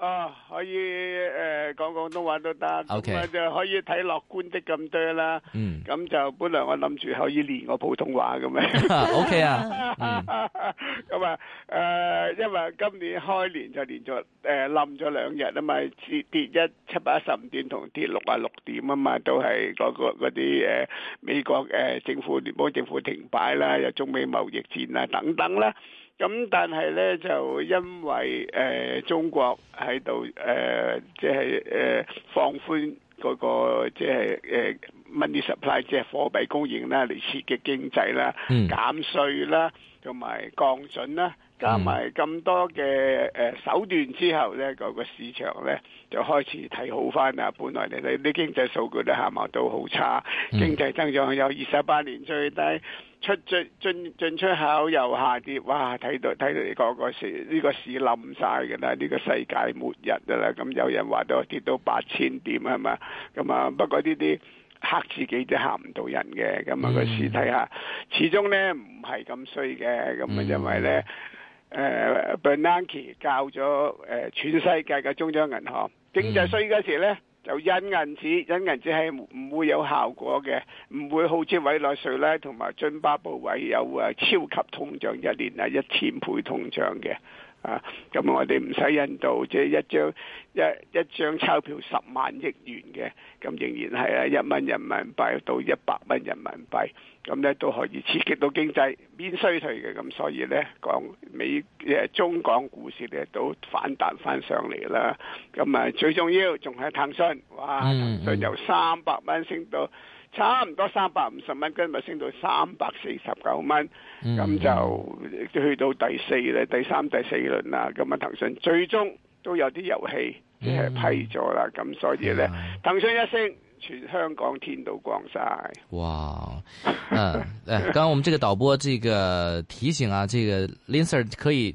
哦，可以誒講廣東話都得，咁啊就可以睇樂觀啲咁多啦。嗯，咁就本來我諗住可以練我普通話噉樣。O K 啊，咁啊誒，因為今年開年就連續誒冧咗兩日啊嘛，跌跌一七百一十五點同跌六啊六點啊嘛，都係嗰個嗰啲誒美國誒政府聯邦政府停擺啦，又中美貿易戰啊等等啦。咁但係咧就因為誒中國喺度誒即係誒放寬嗰個即係誒 money supply，即係貨幣供應啦，嚟刺激經濟啦、減稅啦、同埋降準啦，加埋咁多嘅誒手段之後咧，嗰個市場咧就開始睇好翻啦。本來你哋啲經濟數據咧下貌都好差，經濟增長有二十八年最低。出進，進出口又下跌，哇！睇到睇到你講個市，呢、這個市冧曬㗎啦，呢、這個世界末日㗎啦。咁有人話都跌到八千點係嘛？咁啊不過呢啲嚇自己都嚇唔到人嘅，咁、那、啊個市睇、嗯、下，始終咧唔係咁衰嘅，咁啊因為咧誒 Bernanke 教咗全世界嘅中央銀行，經濟衰嗰時咧。有印銀紙，印銀紙係唔會有效果嘅，唔會好似委內瑞拉同埋津巴布韋有誒超級通脹，一年係一千倍通脹嘅。啊，咁我哋唔使印度，即係一張一一張鈔票十萬億元嘅，咁仍然係啊一蚊人民幣到一百蚊人民幣，咁咧都可以刺激到經濟，免衰退嘅，咁所以咧講美、啊、中港股市咧都反彈翻上嚟啦，咁啊最重要仲係騰訊，哇騰訊由三百蚊升到。差唔多三百五十蚊，今日升到三百四十九蚊，咁、嗯、就去到第四咧，第三、第四輪啦。咁啊，騰訊最終都有啲遊戲，即係批咗啦，咁所以咧，嗯、騰訊一升，全香港天都光晒哇！嗯、呃，誒、呃，剛剛我們這個導播，這個提醒啊，這個 Lin Sir 可以。